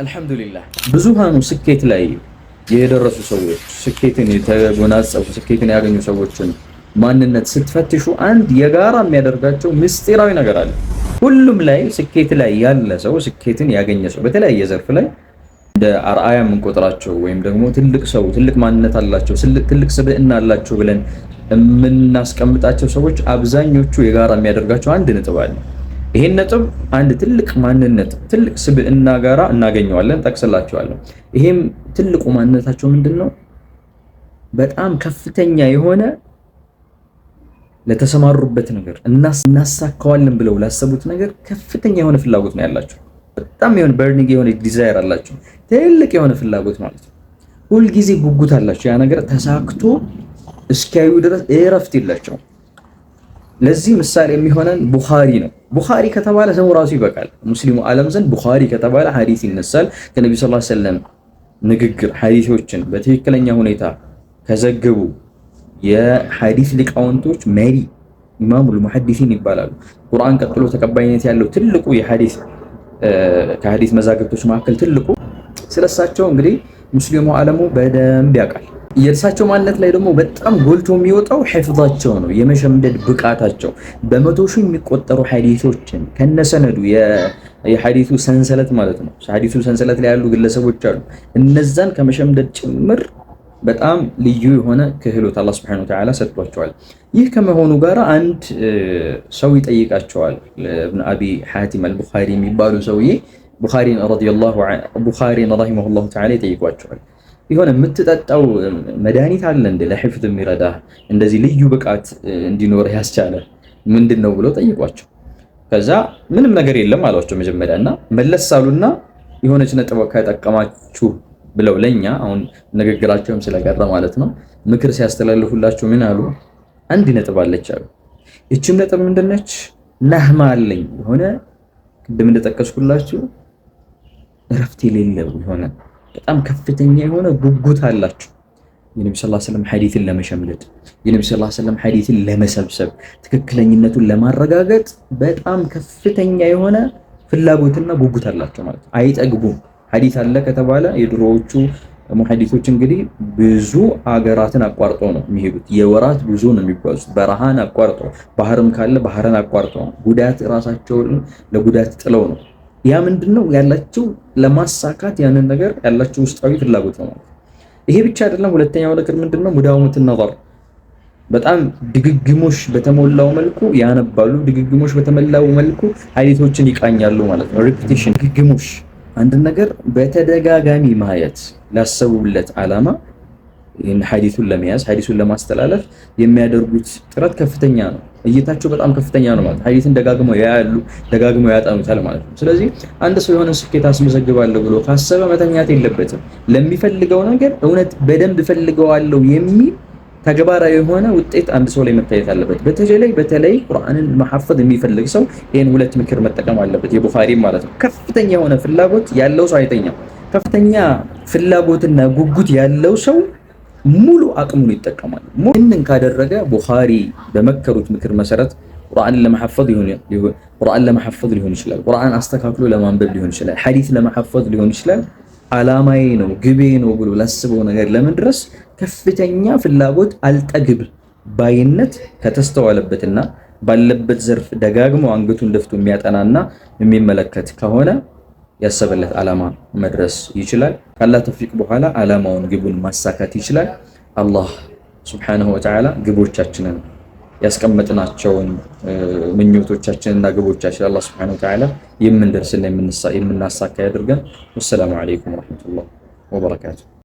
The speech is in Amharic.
አልሐምዱሊላህ ብዙሃኑ ስኬት ላይ የደረሱ ሰዎች ስኬትን የተጎናጸፉ ስኬትን ያገኙ ሰዎችን ማንነት ስትፈትሹ አንድ የጋራ የሚያደርጋቸው ምስጢራዊ ነገር አለ። ሁሉም ላይ ስኬት ላይ ያለ ሰው ስኬትን ያገኘ ሰው በተለያየ ዘርፍ ላይ እንደ አርአያ የምንቆጥራቸው ወይም ደግሞ ትልቅ ሰው ትልቅ ማንነት አላቸው ትልቅ ስብዕና አላቸው ብለን የምናስቀምጣቸው ሰዎች አብዛኞቹ የጋራ የሚያደርጋቸው አንድ ንጥብ አለ። ይሄን ነጥብ አንድ ትልቅ ማንነት ትልቅ ስብዕና ጋራ እናገኘዋለን፣ ጠቅስላቸዋለሁ። ይሄም ትልቁ ማንነታቸው ምንድን ነው? በጣም ከፍተኛ የሆነ ለተሰማሩበት ነገር እናሳካዋለን ብለው ላሰቡት ነገር ከፍተኛ የሆነ ፍላጎት ነው ያላቸው። በጣም የሆነ በርኒንግ የሆነ ዲዛይር አላቸው። ትልቅ የሆነ ፍላጎት ማለት ነው። ሁልጊዜ ጉጉት አላቸው። ያ ነገር ተሳክቶ እስኪያዩ ድረስ እረፍት የላቸውም። ለዚህ ምሳሌ የሚሆነን ቡኻሪ ነው። ቡኻሪ ከተባለ ሰው ራሱ ይበቃል። ሙስሊሙ ዓለም ዘንድ ቡኻሪ ከተባለ ሐዲስ ይነሳል። ከነቢ ስ ሰለም ንግግር ሐዲሶችን በትክክለኛ ሁኔታ ከዘገቡ የሐዲስ ሊቃውንቶች መሪ ኢማሙል ሙሐዲሲን ይባላሉ። ቁርአን ቀጥሎ ተቀባይነት ያለው ትልቁ የሐዲስ ከሐዲስ መዛግብቶች መካከል ትልቁ ስለሳቸው እንግዲህ ሙስሊሙ ዓለሙ በደንብ ያውቃል። የእርሳቸው ማንነት ላይ ደግሞ በጣም ጎልቶ የሚወጣው ሕፍዛቸው ነው፣ የመሸምደድ ብቃታቸው በመቶ ሺህ የሚቆጠሩ ሐዲሶችን ከነሰነዱ የሐዲሱ ሰንሰለት ማለት ነው። ሐዲሱ ሰንሰለት ላይ ያሉ ግለሰቦች አሉ። እነዛን ከመሸምደድ ጭምር በጣም ልዩ የሆነ ክህሎት አላህ ሱብሓነሁ ወተዓላ ሰጥቷቸዋል። ይህ ከመሆኑ ጋር አንድ ሰው ይጠይቃቸዋል። እብን አቢ ሓቲም አልቡኻሪ የሚባሉ ሰውዬ ቡኻሪን ረሂመሁላሁ ተዓላ ይጠይቋቸዋል የሆነ የምትጠጣው መድኃኒት አለ እንደ ለሕፍዝ የሚረዳ እንደዚህ ልዩ ብቃት እንዲኖር ያስቻለ ምንድን ነው ብሎ ጠይቋቸው። ከዛ ምንም ነገር የለም አሏቸው መጀመሪያ እና መለስ አሉና የሆነች ነጥብ ከጠቀማችሁ ብለው ለእኛ አሁን ንግግራቸውም ስለቀረ ማለት ነው ምክር ሲያስተላልፉላችሁ ምን አሉ? አንድ ነጥብ አለች አሉ። ይችም ነጥብ ምንድነች? ናህማ አለኝ የሆነ ቅድም እንደጠቀስኩላችሁ እረፍት የሌለው የሆነ በጣም ከፍተኛ የሆነ ጉጉት አላቸው። የነቢ ስ ስለም ሐዲትን ለመሸምደድ የነቢ ስ ስለም ሐዲትን ለመሰብሰብ ትክክለኝነቱን ለማረጋገጥ በጣም ከፍተኛ የሆነ ፍላጎትና ጉጉት አላቸው ማለት ነው። አይጠግቡም። ሐዲት አለ ከተባለ የድሮዎቹ ሙሐዲቶች እንግዲህ ብዙ አገራትን አቋርጠው ነው የሚሄዱት። የወራት ጉዞ ነው የሚጓዙት። በረሃን አቋርጠው፣ ባህርም ካለ ባህርን አቋርጠው፣ ጉዳት ራሳቸውን ለጉዳት ጥለው ነው ያ ምንድን ነው ያላቸው ለማሳካት ያንን ነገር ያላቸው ውስጣዊ ፍላጎት ነው ማለት። ይሄ ብቻ አይደለም። ሁለተኛው ነገር ምንድን ነው ሙዳውመት በጣም ድግግሞሽ በተሞላው መልኩ ያነባሉ። ድግግሞሽ በተሞላው መልኩ ሀዲቶችን ይቃኛሉ ማለት ነው። ሪፒቲሽን ድግግሞሽ፣ አንድ ነገር በተደጋጋሚ ማየት ላሰቡለት አላማ? ይህን ሀዲሱን ለመያዝ ሀዲሱን ለማስተላለፍ የሚያደርጉት ጥረት ከፍተኛ ነው። እይታቸው በጣም ከፍተኛ ነው ማለት ሀዲስን ደጋግመው ያያሉ፣ ደጋግመው ያጠኑታል ማለት ነው። ስለዚህ አንድ ሰው የሆነ ስኬት አስመዘግባለሁ ብሎ ካሰበ መተኛት የለበትም። ለሚፈልገው ነገር እውነት በደንብ እፈልገዋለሁ የሚል ተግባራዊ የሆነ ውጤት አንድ ሰው ላይ መታየት አለበት። በተለይ በተለይ ቁርአንን መሐፈዝ የሚፈልግ ሰው ይህን ሁለት ምክር መጠቀም አለበት። የቡኻሪ ማለት ነው። ከፍተኛ የሆነ ፍላጎት ያለው ሰው አይተኛም። ከፍተኛ ፍላጎትና ጉጉት ያለው ሰው ሙሉ አቅሙን ይጠቀማል። ይህንን ካደረገ ቡኻሪ በመከሩት ምክር መሰረት ቁርአን ለመሐፈዝ ሊሆን ይችላል፣ ቁርአን አስተካክሎ ለማንበብ ሊሆን ይችላል፣ ሐዲስ ለመሐፈዝ ሊሆን ይችላል። አላማዬ ነው ግቤ ነው ብሎ ላስበው ነገር ለመድረስ ከፍተኛ ፍላጎት አልጠግብ ባይነት ከተስተዋለበትና ባለበት ዘርፍ ደጋግሞ አንገቱን ደፍቶ የሚያጠናና የሚመለከት ከሆነ ያሰበለት ዓላማ መድረስ ይችላል። ካላህ ተውፊቅ በኋላ ዓላማውን ግቡን ማሳካት ይችላል። አላህ ሱብሓነሁ ወተዓላ ግቦቻችንን ያስቀመጥናቸውን ምኞቶቻችንና ግቦቻችን አላህ ሱብሓነሁ ወተዓላ የምንደርስና የምናሳካ ያድርገን። ወሰላሙ ዓለይኩም ወረሕመቱላህ ወበረካቱ።